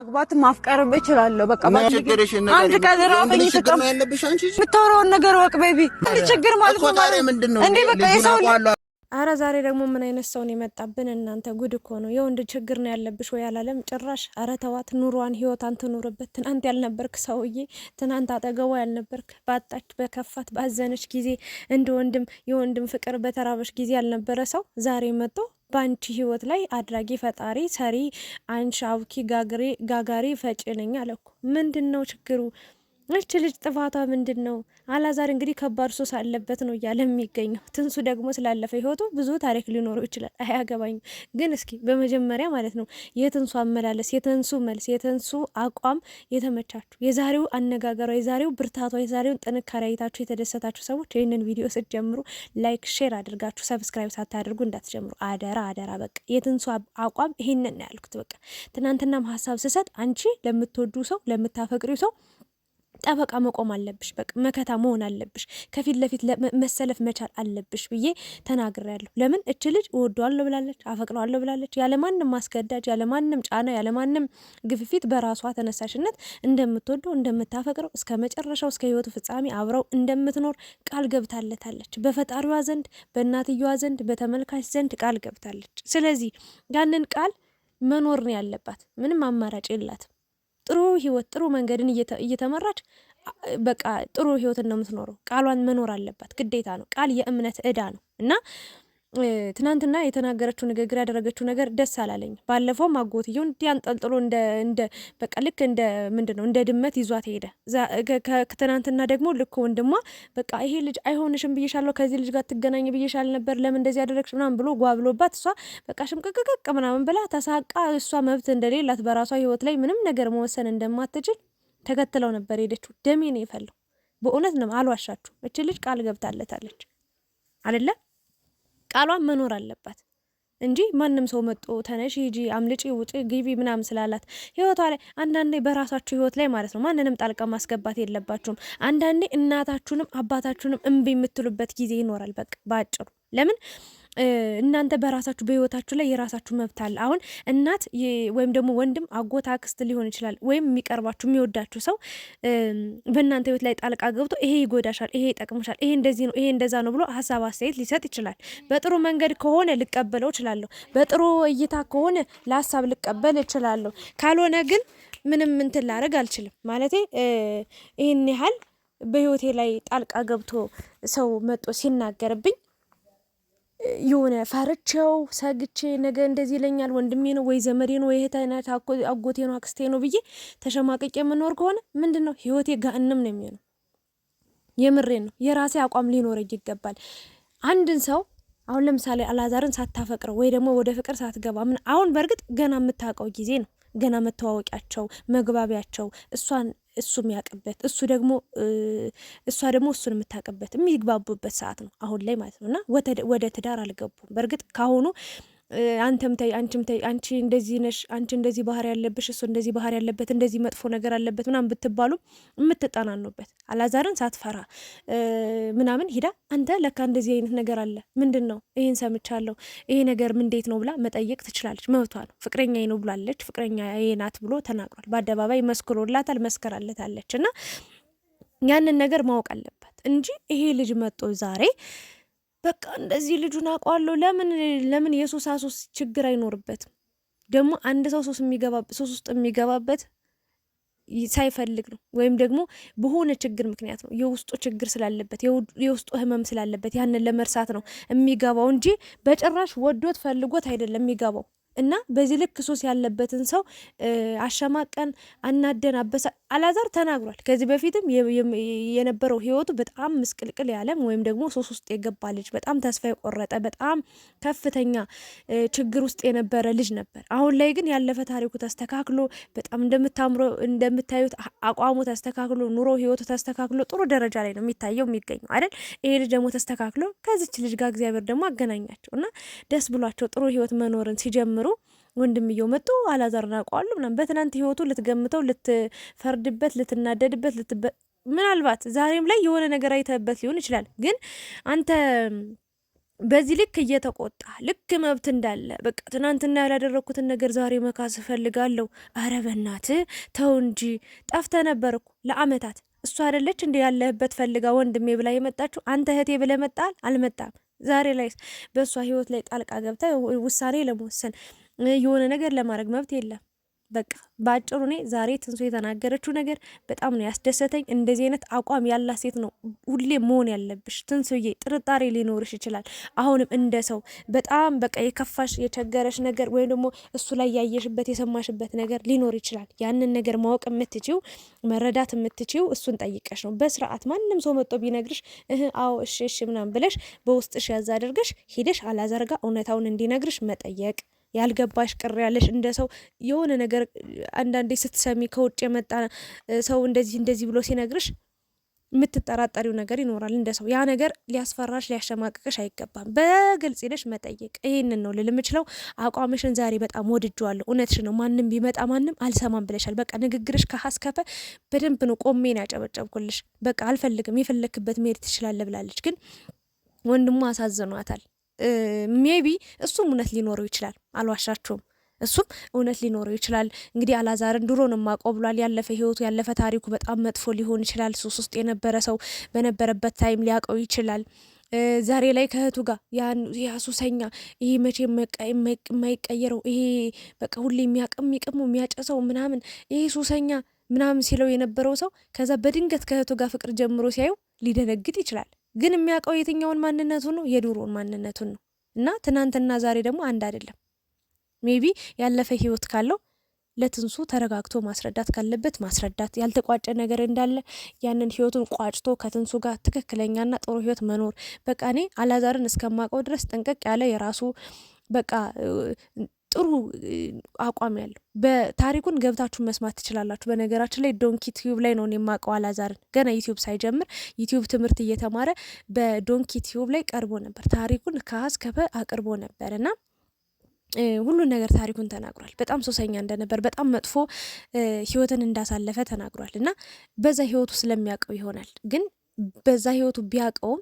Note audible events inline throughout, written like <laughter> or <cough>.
መግባት ማፍቀርም እችላለሁ። በቃ አንድ ቀን ራበኝ ተቀም የምታወራውን ነገር ወቅ ቤቢ አንድ ችግር ማለት ነው። እንዴ በቃ የሰው አረ ዛሬ ደግሞ ምን አይነት ሰውን የመጣብን እናንተ ጉድ እኮ ነው። የወንድ ችግር ነው ያለብሽ ወይ አላለም ጭራሽ። አረ ተዋት፣ ኑሯን ህይወቷን ትኑርበት። ትናንት ያልነበርክ ሰውዬ ትናንት አጠገቧ ያልነበርክ ባጣች፣ በከፋት፣ ባዘነች ጊዜ እንደ ወንድም የወንድም ፍቅር በተራበሽ ጊዜ ያልነበረ ሰው ዛሬ መጥቶ በአንቺ ህይወት ላይ አድራጊ ፈጣሪ ሰሪ አንሻውኪ ጋጋሪ ነኝ አለኩ። ምንድን ነው ችግሩ? እች ልጅ ጥፋቷ ምንድን ነው? አላዛር እንግዲህ ከባድ ሱስ አለበት ነው እያለ የሚገኘው። ትንሱ ደግሞ ስላለፈ ህይወቱ ብዙ ታሪክ ሊኖረው ይችላል፣ አያገባኝም። ግን እስኪ በመጀመሪያ ማለት ነው የትንሱ አመላለስ፣ የትንሱ መልስ፣ የትንሱ አቋም የተመቻችሁ የዛሬው አነጋገሯ፣ የዛሬው ብርታቷ፣ የዛሬውን ጥንካሬ አይታችሁ የተደሰታችሁ ሰዎች ይህንን ቪዲዮ ስትጀምሩ ላይክ፣ ሼር አድርጋችሁ ሰብስክራይብ ሳታደርጉ እንዳትጀምሩ አደራ፣ አደራ። በቃ የትንሱ አቋም ይህንን ያልኩት በቃ ትናንትናም ሀሳብ ስሰጥ አንቺ ለምትወዱ ሰው ለምታፈቅሪው ሰው ጠበቃ መቆም አለብሽ፣ በቃ መከታ መሆን አለብሽ፣ ከፊት ለፊት መሰለፍ መቻል አለብሽ ብዬ ተናግሬያለሁ። ለምን እች ልጅ እወደዋለሁ ብላለች፣ አፈቅረዋለሁ ብላለች። ያለማንም ማስገዳጅ፣ ያለማንም ጫና፣ ያለማንም ግፊት በራሷ ተነሳሽነት እንደምትወደው እንደምታፈቅረው እስከ መጨረሻው እስከ ህይወቱ ፍጻሜ አብረው እንደምትኖር ቃል ገብታለታለች። በፈጣሪዋ ዘንድ፣ በእናትየዋ ዘንድ፣ በተመልካች ዘንድ ቃል ገብታለች። ስለዚህ ያንን ቃል መኖር ነው ያለባት። ምንም አማራጭ የላትም። ጥሩ ህይወት ጥሩ መንገድን እየተመራች በቃ ጥሩ ህይወትን ነው የምትኖረው። ቃሏን መኖር አለባት፣ ግዴታ ነው። ቃል የእምነት እዳ ነው እና ትናንትና የተናገረችው ንግግር ያደረገችው ነገር ደስ አላለኝ። ባለፈው አጎትየው እንዲህ አንጠልጥሎ እንደ በቃ ልክ እንደ ምንድን ነው እንደ ድመት ይዟት ሄደ። ትናንትና ደግሞ ልክ ወንድሟ በቃ ይሄ ልጅ አይሆንሽም ብዬሻለሁ፣ ከዚህ ልጅ ጋር ትገናኝ ብዬሻል ነበር፣ ለምን እንደዚህ ያደረግሽ ምናምን ብሎ ጓብሎባት፣ እሷ በቃ ሽምቅቅቅቅ ምናምን ብላ ተሳቃ፣ እሷ መብት እንደሌላት በራሷ ህይወት ላይ ምንም ነገር መወሰን እንደማትችል ተከትለው ነበር ሄደችው። ደሜ ነው የፈለው። በእውነት ነው አልዋሻችሁ። እች ልጅ ቃል ገብታለታለች አይደለም ቃሏ መኖር አለባት እንጂ ማንም ሰው መጦ ተነሽ፣ ሂጂ፣ አምልጪ፣ ውጪ፣ ግቢ ምናምን ስላላት ህይወቷ ላይ አንዳንዴ በራሳችሁ ህይወት ላይ ማለት ነው ማንንም ጣልቃ ማስገባት የለባችሁም። አንዳንዴ እናታችሁንም አባታችሁንም እምቢ የምትሉበት ጊዜ ይኖራል። በቃ በአጭሩ ለምን እናንተ በራሳችሁ በህይወታችሁ ላይ የራሳችሁ መብት አለ። አሁን እናት ወይም ደግሞ ወንድም፣ አጎት፣ አክስት ሊሆን ይችላል ወይም የሚቀርባችሁ የሚወዳችሁ ሰው በእናንተ ህይወት ላይ ጣልቃ ገብቶ ይሄ ይጎዳሻል፣ ይሄ ይጠቅምሻል፣ ይሄ እንደዚህ ነው፣ ይሄ እንደዛ ነው ብሎ ሀሳብ አስተያየት ሊሰጥ ይችላል። በጥሩ መንገድ ከሆነ ልቀበለው እችላለሁ። በጥሩ እይታ ከሆነ ለሀሳብ ልቀበል እችላለሁ። ካልሆነ ግን ምንም እንትን ላደርግ አልችልም። ማለቴ ይህን ያህል በህይወቴ ላይ ጣልቃ ገብቶ ሰው መጦ ሲናገርብኝ የሆነ ፈርቼው ሰግቼ ነገ እንደዚህ ይለኛል ወንድሜ ነው ወይ ዘመዴ ነው ወይ እህቴ አጎቴ ነው አክስቴ ነው ብዬ ተሸማቀቄ የምኖር ከሆነ ምንድን ነው ህይወቴ ጋንም ነው የሚሆነው። የምሬ ነው። የራሴ አቋም ሊኖረኝ ይገባል። አንድን ሰው አሁን ለምሳሌ አላዛርን ሳታፈቅረው ወይ ደግሞ ወደ ፍቅር ሳትገባ ምን አሁን በእርግጥ ገና የምታውቀው ጊዜ ነው ገና መተዋወቂያቸው መግባቢያቸው እሷን እሱ የሚያውቅበት እሱ ደግሞ እሷ ደግሞ እሱን የምታውቅበት የሚግባቡበት ሰዓት ነው አሁን ላይ ማለት ነው እና ወደ ትዳር አልገቡም። በእርግጥ ካሁኑ አንተም ተይ፣ አንቺም ተይ፣ አንቺ እንደዚህ ነሽ፣ አንቺ እንደዚህ ባህሪ ያለብሽ፣ እሱ እንደዚህ ባህሪ ያለበት፣ እንደዚህ መጥፎ ነገር አለበት ምናምን ብትባሉ የምትጠናኑበት አላዛርን ሳትፈራ ምናምን ሂዳ አንተ ለካ እንደዚህ አይነት ነገር አለ ምንድን ነው ይህን ሰምቻለሁ፣ ይሄ ነገር ምንዴት ነው ብላ መጠየቅ ትችላለች። መብቷ ነው። ፍቅረኛ ነው ብላለች፣ ፍቅረኛ ናት ብሎ ተናግሯል። በአደባባይ መስክሮላታል፣ መስከራለታለች እና ያንን ነገር ማወቅ አለባት እንጂ ይሄ ልጅ መጦ ዛሬ በቃ እንደዚህ ልጁን አውቀዋለሁ። ለምን ለምን የሶሳ አሱስ ችግር አይኖርበትም? ደግሞ አንድ ሰው ሱስ ውስጥ የሚገባበት ሳይፈልግ ነው፣ ወይም ደግሞ በሆነ ችግር ምክንያት ነው። የውስጡ ችግር ስላለበት የውስጡ ህመም ስላለበት ያንን ለመርሳት ነው የሚገባው እንጂ በጭራሽ ወዶት ፈልጎት አይደለም የሚገባው። እና በዚህ ልክ ሶስ ያለበትን ሰው አሸማቀን፣ አናደን፣ አበሳ አላዛር ተናግሯል። ከዚህ በፊትም የነበረው ህይወቱ በጣም ምስቅልቅል ያለም ወይም ደግሞ ሱስ ውስጥ የገባ ልጅ በጣም ተስፋ የቆረጠ በጣም ከፍተኛ ችግር ውስጥ የነበረ ልጅ ነበር። አሁን ላይ ግን ያለፈ ታሪኩ ተስተካክሎ በጣም እንደምታምሮ እንደምታዩት አቋሙ ተስተካክሎ ኑሮ ህይወቱ ተስተካክሎ ጥሩ ደረጃ ላይ ነው የሚታየው የሚገኘው አይደል? ይሄ ልጅ ደግሞ ተስተካክሎ ከዚች ልጅ ጋር እግዚአብሔር ደግሞ አገናኛቸው እና ደስ ብሏቸው ጥሩ ህይወት መኖርን ሲጀምሩ ጀምሮ ወንድምየው መጡ አላዛር አውቀዋለሁ ምናምን በትናንት ህይወቱ ልትገምተው፣ ልትፈርድበት፣ ልትናደድበት ልትበ ምናልባት ዛሬም ላይ የሆነ ነገር አይተበት ሊሆን ይችላል። ግን አንተ በዚህ ልክ እየተቆጣ ልክ መብት እንዳለ በቃ ትናንትና ያላደረግኩትን ነገር ዛሬ መካስ እፈልጋለሁ። አረ በእናትህ ተው እንጂ ጠፍተህ ነበርኩ ለአመታት። እሱ አደለች እንዲ ያለህበት ፈልጋ ወንድሜ ብላ የመጣችው አንተ እህቴ ብለህ መጣል አልመጣም ዛሬ ላይ በእሷ ህይወት ላይ ጣልቃ ገብተ ውሳኔ ለመወሰን የሆነ ነገር ለማድረግ መብት የለም። በቃ በአጭሩ እኔ ዛሬ ትንሱ የተናገረችው ነገር በጣም ነው ያስደሰተኝ። እንደዚህ አይነት አቋም ያላት ሴት ነው ሁሌ መሆን ያለብሽ ትንስዬ ጥርጣሬ ሊኖርሽ ይችላል። አሁንም እንደ ሰው በጣም በቃ የከፋሽ የቸገረሽ ነገር ወይም ደግሞ እሱ ላይ ያየሽበት የሰማሽበት ነገር ሊኖር ይችላል። ያንን ነገር ማወቅ የምትችው መረዳት የምትችው እሱን ጠይቀሽ ነው በስርዓት። ማንም ሰው መጥቶ ቢነግርሽ እህ አዎ እሺ እሺ ምናምን ብለሽ በውስጥሽ ያዝ አድርገሽ ሄደሽ እውነታውን እንዲነግርሽ መጠየቅ ያልገባሽ ቅር ያለሽ እንደ ሰው የሆነ ነገር አንዳንዴ ስትሰሚ ከውጭ የመጣ ሰው እንደዚህ እንደዚህ ብሎ ሲነግርሽ የምትጠራጠሪው ነገር ይኖራል። እንደ ሰው ያ ነገር ሊያስፈራሽ ሊያሸማቅቅሽ አይገባም። በግልጽ ሄደሽ መጠየቅ። ይህንን ነው ልል የምችለው። አቋምሽን ዛሬ በጣም ወድጄዋለሁ። እውነትሽ ነው። ማንም ቢመጣ ማንም አልሰማም ብለሻል። በቃ ንግግርሽ ከሀስከፈ በደንብ ነው ቆሜን ያጨበጨብኩልሽ። በቃ አልፈልግም፣ የፈለክበት መሄድ ትችላለህ ብላለች። ግን ወንድሟ አሳዝኗታል። ሜቢ እሱም እውነት ሊኖረው ይችላል፣ አልዋሻችሁም። እሱም እውነት ሊኖረው ይችላል። እንግዲህ አላዛርን ድሮ ነው የማውቀው ብሏል። ያለፈ ህይወቱ ያለፈ ታሪኩ በጣም መጥፎ ሊሆን ይችላል። ሱስ ውስጥ የነበረ ሰው በነበረበት ታይም ሊያውቀው ይችላል። ዛሬ ላይ ከእህቱ ጋር ያ ሱሰኛ ይሄ መቼ የማይቀየረው ይሄ በቃ ሁሌ የሚያቅም የሚቅሙ የሚያጨሰው ምናምን ይሄ ሱሰኛ ምናምን ሲለው የነበረው ሰው ከዛ በድንገት ከእህቱ ጋር ፍቅር ጀምሮ ሲያዩ ሊደነግጥ ይችላል። ግን የሚያውቀው የትኛውን ማንነቱን ነው? የድሮውን ማንነቱን ነው። እና ትናንትና ዛሬ ደግሞ አንድ አይደለም። ሜቢ ያለፈ ህይወት ካለው ለትንሱ ተረጋግቶ ማስረዳት ካለበት ማስረዳት፣ ያልተቋጨ ነገር እንዳለ ያንን ህይወቱን ቋጭቶ ከትንሱ ጋር ትክክለኛና ጥሩ ህይወት መኖር። በቃ እኔ አላዛርን እስከማውቀው ድረስ ጥንቅቅ ያለ የራሱ በቃ ጥሩ አቋም ያለው በታሪኩን ገብታችሁ መስማት ትችላላችሁ። በነገራችን ላይ ዶንኪ ቲዩብ ላይ ነው የማውቀው አላዛርን ገና ዩቲዩብ ሳይጀምር ዩቲዩብ ትምህርት እየተማረ በዶንኪ ቲዩብ ላይ ቀርቦ ነበር። ታሪኩን ከሀዝ ከፈ አቅርቦ ነበር እና ሁሉን ነገር ታሪኩን ተናግሯል። በጣም ሶሰኛ እንደነበር፣ በጣም መጥፎ ህይወትን እንዳሳለፈ ተናግሯል እና በዛ ህይወቱ ስለሚያውቀው ይሆናል ግን በዛ ህይወቱ ቢያውቀውም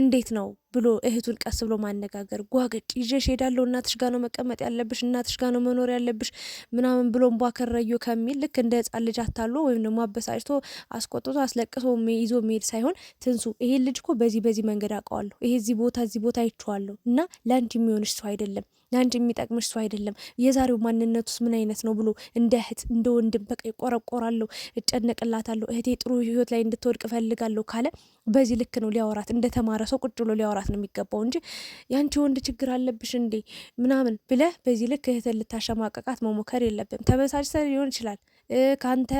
እንዴት ነው ብሎ እህቱን ቀስ ብሎ ማነጋገር ጓገጭ ይዤሽ ሄዳለሁ፣ እናትሽ ጋ ነው መቀመጥ ያለብሽ፣ እናትሽ ጋ ነው መኖር ያለብሽ ምናምን ብሎ ቧከረዩ ከሚል ልክ እንደ ህፃን ልጅ አታሎ ወይም ደግሞ አበሳጭቶ አስቆጥቶ አስለቅሶ ይዞ መሄድ ሳይሆን ትንሱ ይሄን ልጅ እኮ በዚህ በዚህ መንገድ አውቀዋለሁ፣ ይሄ እዚህ ቦታ እዚህ ቦታ አይቼዋለሁ እና ለአንቺ የሚሆንሽ ሰው አይደለም ለአንቺ የሚጠቅምሽ ሰው አይደለም። የዛሬው ማንነቱስ ምን አይነት ነው ብሎ እንደ እህት እንደ ወንድም በቃ ይቆረቆራለሁ፣ እጨነቅላታለሁ፣ እህቴ ጥሩ ህይወት ላይ እንድትወድቅ እፈልጋለሁ ካለ በዚህ ልክ ነው ሊያወራት፣ እንደተማረ ሰው ቁጭ ብሎ ሊያወራት ማውራት ነው የሚገባው እንጂ ያንቺ ወንድ ችግር አለብሽ እንዴ ምናምን ብለህ በዚህ ልክ እህትን ልታሸማቀቃት መሞከር የለብም። ተበሳጭተ ሊሆን ይችላል ከአንተ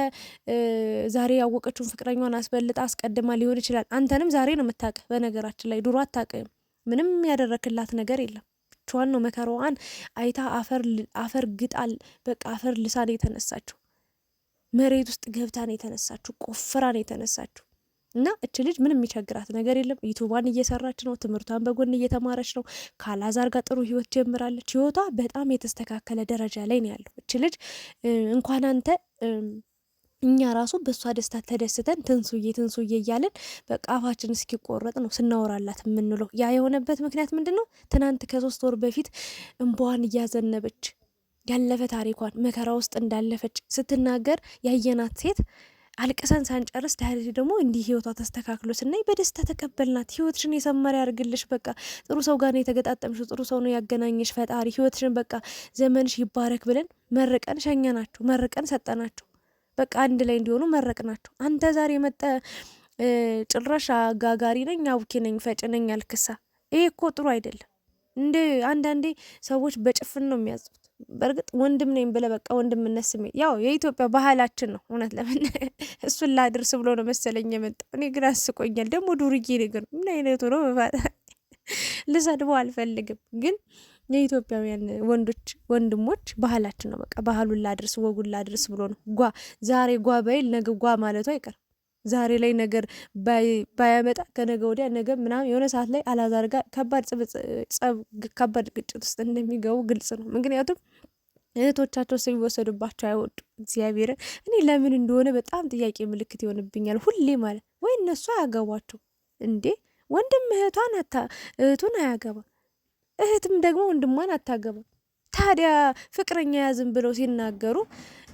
ዛሬ ያወቀችውን ፍቅረኛን አስበልጣ አስቀድማ ሊሆን ይችላል። አንተንም ዛሬ ነው የምታውቅህ። በነገራችን ላይ ድሮ አታውቅም። ምንም ያደረክላት ነገር የለም። ቿን ነው መከራዋን አይታ አፈር ግጣል፣ በቃ አፈር ልሳን የተነሳችው መሬት ውስጥ ገብታን የተነሳችሁ ቆፍራን የተነሳችሁ እና እች ልጅ ምንም የሚቸግራት ነገር የለም። ዩቱቧን እየሰራች ነው። ትምህርቷን በጎን እየተማረች ነው። ካላዛር ጋር ጥሩ ህይወት ጀምራለች። ህይወቷ በጣም የተስተካከለ ደረጃ ላይ ነው ያለው። እች ልጅ እንኳን አንተ እኛ ራሱ በእሷ ደስታ ተደስተን ትንሱዬ ትንሱዬ እያለን በቃ አፋችን እስኪቆረጥ ነው ስናወራላት የምንለው። ያ የሆነበት ምክንያት ምንድን ነው? ትናንት ከሶስት ወር በፊት እንባዋን እያዘነበች ያለፈ ታሪኳን መከራ ውስጥ እንዳለፈች ስትናገር ያየናት ሴት አልቅሰን ሳንጨርስ ዳህሪ ደግሞ እንዲህ ህይወቷ ተስተካክሎ ስናይ በደስታ ተቀበልናት። ህይወትሽን የሰመረ ያርግልሽ። በቃ ጥሩ ሰው ጋር ነው የተገጣጠምሽ፣ ጥሩ ሰው ነው ያገናኘሽ ፈጣሪ። ህይወትሽን በቃ ዘመንሽ ይባረክ ብለን መርቀን ሸኘናችሁ፣ መርቀን ሰጠናችሁ። በቃ አንድ ላይ እንዲሆኑ መረቅናችሁ። አንተ ዛሬ መጠ ጭራሽ አጋጋሪ ነኝ፣ አውኪ ነኝ፣ ፈጭ ነኝ አልክሳ። ይሄ እኮ ጥሩ አይደለም እንደ አንዳንዴ ሰዎች በጭፍን ነው የሚያዙ። በእርግጥ ወንድም ነኝ ብለህ በቃ ወንድምነት ስሜት ያው የኢትዮጵያ ባህላችን ነው። እውነት ለምን <laughs> እሱን ላድርስ ብሎ ነው መሰለኝ የመጣው። እኔ ግን አስቆኛል። ደግሞ ዱርዬ ነገር ምን አይነቱ ነው? <laughs> ልሰድበው አልፈልግም፣ ግን የኢትዮጵያውያን ወንዶች ወንድሞች ባህላችን ነው። በቃ ባህሉን ላድርስ ወጉን ላድርስ ብሎ ነው ጓ ዛሬ ጓ በይል ነገ ጓ ማለቱ አይቀርም። ዛሬ ላይ ነገር ባያመጣ ከነገ ወዲያ ነገ ምናምን የሆነ ሰዓት ላይ አላዛር ጋር ከባድ ጸብ፣ ከባድ ግጭት ውስጥ እንደሚገቡ ግልጽ ነው። ምክንያቱም እህቶቻቸው ስለሚወሰዱባቸው አይወዱ እግዚአብሔር እኔ ለምን እንደሆነ በጣም ጥያቄ ምልክት ይሆንብኛል ሁሌ ማለት ወይ እነሱ አያገቧቸው እንዴ ወንድም እህቷን እህቱን አያገባ እህትም ደግሞ ወንድሟን አታገባ ታዲያ ፍቅረኛ ያዝን ብለው ሲናገሩ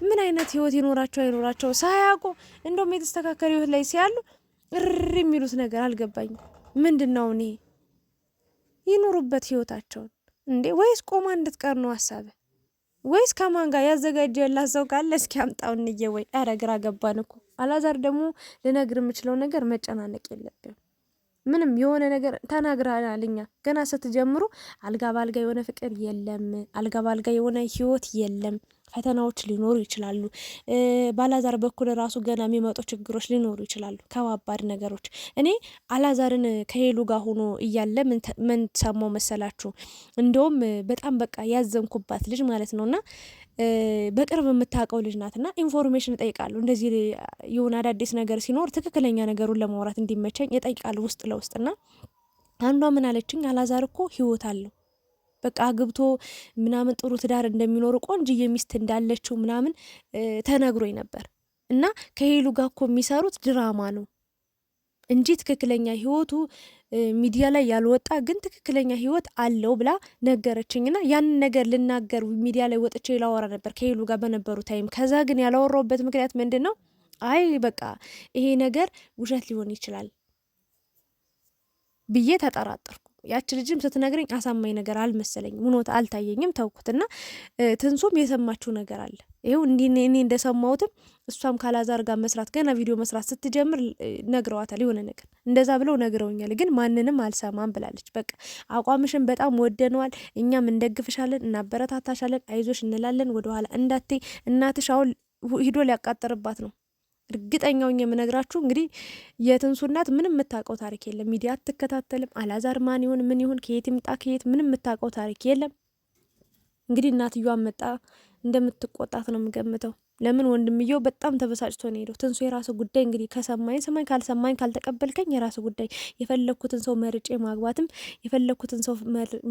ምን አይነት ህይወት ይኖራቸው አይኖራቸው ሳያውቁ እንደውም የተስተካከለ ህይወት ላይ ሲያሉ እር የሚሉት ነገር አልገባኝ። ምንድን ነው እኔ ይኖሩበት ህይወታቸውን እንዴ? ወይስ ቆማ እንድትቀር ነው ሀሳብ? ወይስ ከማን ጋር ያዘጋጀ ያላት ሰው ካለ እስኪ አምጣው እንዬ። ወይ ኧረ ግራ ገባን እኮ አላዛር። ደግሞ ልነግር የምችለው ነገር መጨናነቅ የለብም። ምንም የሆነ ነገር ተናግራናል። እኛ ገና ስትጀምሩ አልጋ በአልጋ የሆነ ፍቅር የለም፣ አልጋ በአልጋ የሆነ ህይወት የለም። ፈተናዎች ሊኖሩ ይችላሉ። በአላዛር በኩል ራሱ ገና የሚመጡ ችግሮች ሊኖሩ ይችላሉ፣ ከባባድ ነገሮች። እኔ አላዛርን ከሄሉ ጋር ሆኖ እያለ ምን ሰማው መሰላችሁ? እንደውም በጣም በቃ ያዘንኩባት ልጅ ማለት ነውና በቅርብ የምታውቀው ልጅ ናት እና ኢንፎርሜሽን እጠይቃለሁ። እንደዚህ የሆነ አዳዲስ ነገር ሲኖር ትክክለኛ ነገሩን ለማውራት እንዲመቸኝ እጠይቃለሁ ውስጥ ለውስጥ እና አንዷ ምን አለችኝ፣ አላዛር እኮ ህይወት አለው በቃ አግብቶ ምናምን ጥሩ ትዳር እንደሚኖር ቆንጅዬ ሚስት እንዳለችው ምናምን ተነግሮኝ ነበር እና ከሄሉ ጋር እኮ የሚሰሩት ድራማ ነው እንጂ ትክክለኛ ህይወቱ ሚዲያ ላይ ያልወጣ ግን ትክክለኛ ህይወት አለው ብላ ነገረችኝና ያንን ነገር ልናገር ሚዲያ ላይ ወጥቼ ላወራ ነበር ከሄሉ ጋር በነበሩ ታይም። ከዛ ግን ያላወራውበት ምክንያት ምንድን ነው? አይ በቃ ይሄ ነገር ውሸት ሊሆን ይችላል ብዬ ተጠራጠርኩ። ያች ልጅም ስትነግረኝ አሳማኝ ነገር አልመሰለኝም፣ ሁኖት አልታየኝም፣ ተውኩትና ትንሱም የሰማችው ነገር አለ። ይኸው እንዲህ እኔ እንደሰማሁትም እሷም ካላዛር ጋር መስራት ገና ቪዲዮ መስራት ስትጀምር ነግረዋታል፣ የሆነ ነገር እንደዛ ብለው ነግረውኛል፣ ግን ማንንም አልሰማም ብላለች። በቃ አቋምሽን በጣም ወደነዋል፣ እኛም እንደግፍሻለን፣ እናበረታታሻለን፣ አይዞሽ እንላለን፣ ወደኋላ እንዳቴ እናትሽ አሁን ሂዶ ሊያቃጠርባት ነው እርግጠኛውን የምነግራችሁ እንግዲህ የትንሱ እናት ምንም የምታውቀው ታሪክ የለም። ሚዲያ አትከታተልም። አላዛር ማን ይሁን ምን ይሁን ከየት ይምጣ ከየት ምንም የምታውቀው ታሪክ የለም። እንግዲህ እናትዮዋ መጣ እንደምትቆጣት ነው የምገምተው። ለምን ወንድምየው በጣም ተበሳጭቶ ነው ሄደው። ትንሱ የራሱ ጉዳይ እንግዲህ ከሰማኝ ሰማኝ፣ ካልሰማኝ ካልተቀበልከኝ የራሱ ጉዳይ። የፈለግኩትን ሰው መርጬ ማግባትም የፈለግኩትን ሰው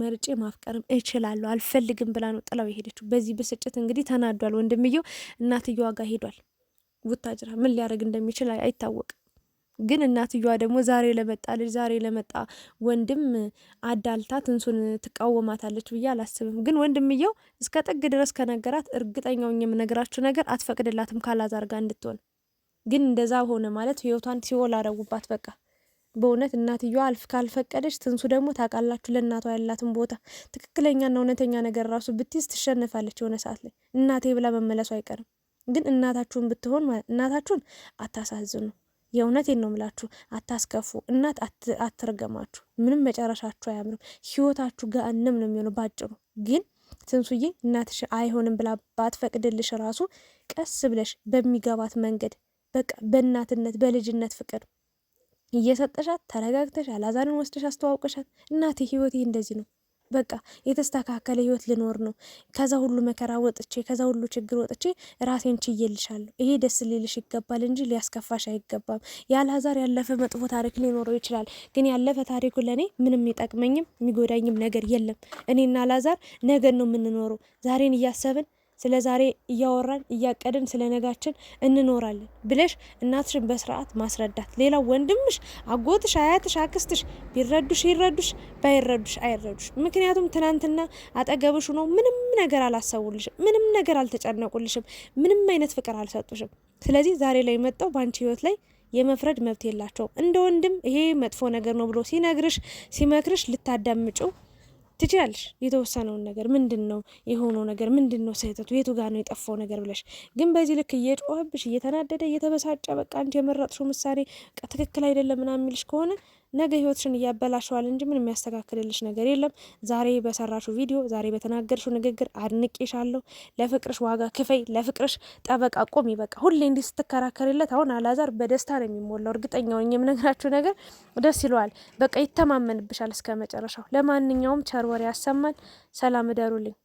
መርጬ ማፍቀርም እችላለሁ፣ አልፈልግም ብላ ነው ጥላው የሄደችው። በዚህ ብስጭት እንግዲህ ተናዷል ወንድምየው፣ እናትየዋ ጋር ሄዷል። ቡታጅራ ምን ሊያደርግ እንደሚችል አይታወቅም። ግን እናትየዋ ደግሞ ዛሬ ለመጣ ልጅ ዛሬ ለመጣ ወንድም አዳልታ ትንሱን ትቃወማታለች ብዬ አላስብም። ግን ወንድምየው እስከ ጥግ ድረስ ከነገራት እርግጠኛው የምነግራችሁ ነገር አትፈቅድላትም ካላዛር ጋር እንድትሆን። ግን እንደዛ ሆነ ማለት ህይወቷን ሲወል አረጉባት። በቃ በእውነት እናትየዋ አልፍ ካልፈቀደች፣ ትንሱ ደግሞ ታውቃላችሁ ለእናቷ ያላትን ቦታ ትክክለኛና እውነተኛ ነገር ራሱ ብትይዝ ትሸነፋለች። የሆነ ሰዓት ላይ እናቴ ብላ መመለሱ አይቀርም። ግን እናታችሁን ብትሆን ማለት እናታችሁን አታሳዝኑ። የእውነቴን ነው ምላችሁ፣ አታስከፉ። እናት አትርገማችሁ። ምንም መጨረሻችሁ አያምርም። ህይወታችሁ ገሃነም ነው የሚሆነው ባጭሩ። ግን ትንሱዬ እናትሽ አይሆንም ብላ ባትፈቅድልሽ ራሱ ቀስ ብለሽ በሚገባት መንገድ በቃ በእናትነት በልጅነት ፍቅር እየሰጠሻት ተረጋግተሽ አላዛርን ወስደሽ አስተዋውቀሻት። እናቴ ህይወቴ እንደዚህ ነው በቃ የተስተካከለ ህይወት ልኖር ነው። ከዛ ሁሉ መከራ ወጥቼ ከዛ ሁሉ ችግር ወጥቼ ራሴን ችዬልሻለሁ። ይሄ ደስ ሊልሽ ይገባል እንጂ ሊያስከፋሽ አይገባም። የአልዛር ያለፈ መጥፎ ታሪክ ሊኖረው ይችላል፣ ግን ያለፈ ታሪኩ ለእኔ ምንም የሚጠቅመኝም የሚጎዳኝም ነገር የለም። እኔና ላዛር ነገን ነው የምንኖረው። ዛሬን እያሰብን ስለ ዛሬ እያወራን እያቀድን ስለ ነጋችን እንኖራለን ብለሽ እናትሽን በስርዓት ማስረዳት። ሌላው ወንድምሽ፣ አጎትሽ፣ አያትሽ፣ አክስትሽ ቢረዱሽ ይረዱሽ፣ ባይረዱሽ አይረዱሽ። ምክንያቱም ትናንትና አጠገብሽ ሆነው ምንም ነገር አላሰቡልሽም፣ ምንም ነገር አልተጨነቁልሽም፣ ምንም አይነት ፍቅር አልሰጡሽም። ስለዚህ ዛሬ ላይ መጣው በአንቺ ህይወት ላይ የመፍረድ መብት የላቸውም። እንደ ወንድም ይሄ መጥፎ ነገር ነው ብሎ ሲነግርሽ ሲመክርሽ ልታዳምጪው ትችላለሽ የተወሰነውን ነገር ምንድን ነው የሆነው ነገር ምንድን ነው ስህተቱ የቱ ጋር ነው የጠፋው ነገር ብለሽ ግን በዚህ ልክ እየጮኸብሽ እየተናደደ እየተበሳጨ በቃ አንቺ የመረጥሽው ምሳሌ ትክክል አይደለም ምናምን የሚልሽ ከሆነ ነገ ህይወትሽን እያበላሸዋል እንጂ ምን የሚያስተካክልልሽ ነገር የለም። ዛሬ በሰራሹ ቪዲዮ፣ ዛሬ በተናገርሹ ንግግር አድንቄሻለሁ። ለፍቅርሽ ዋጋ ክፈይ፣ ለፍቅርሽ ጠበቃ ቆም። ይበቃ ሁሌ እንዲህ ስትከራከርለት። አሁን አላዛር በደስታ ነው የሚሞላው። እርግጠኛ ነኝ የምነግራችሁ ነገር ደስ ይለዋል። በቃ ይተማመንብሻል እስከ መጨረሻው። ለማንኛውም ቸር ወሬ ያሰማን። ሰላም እደሩልኝ።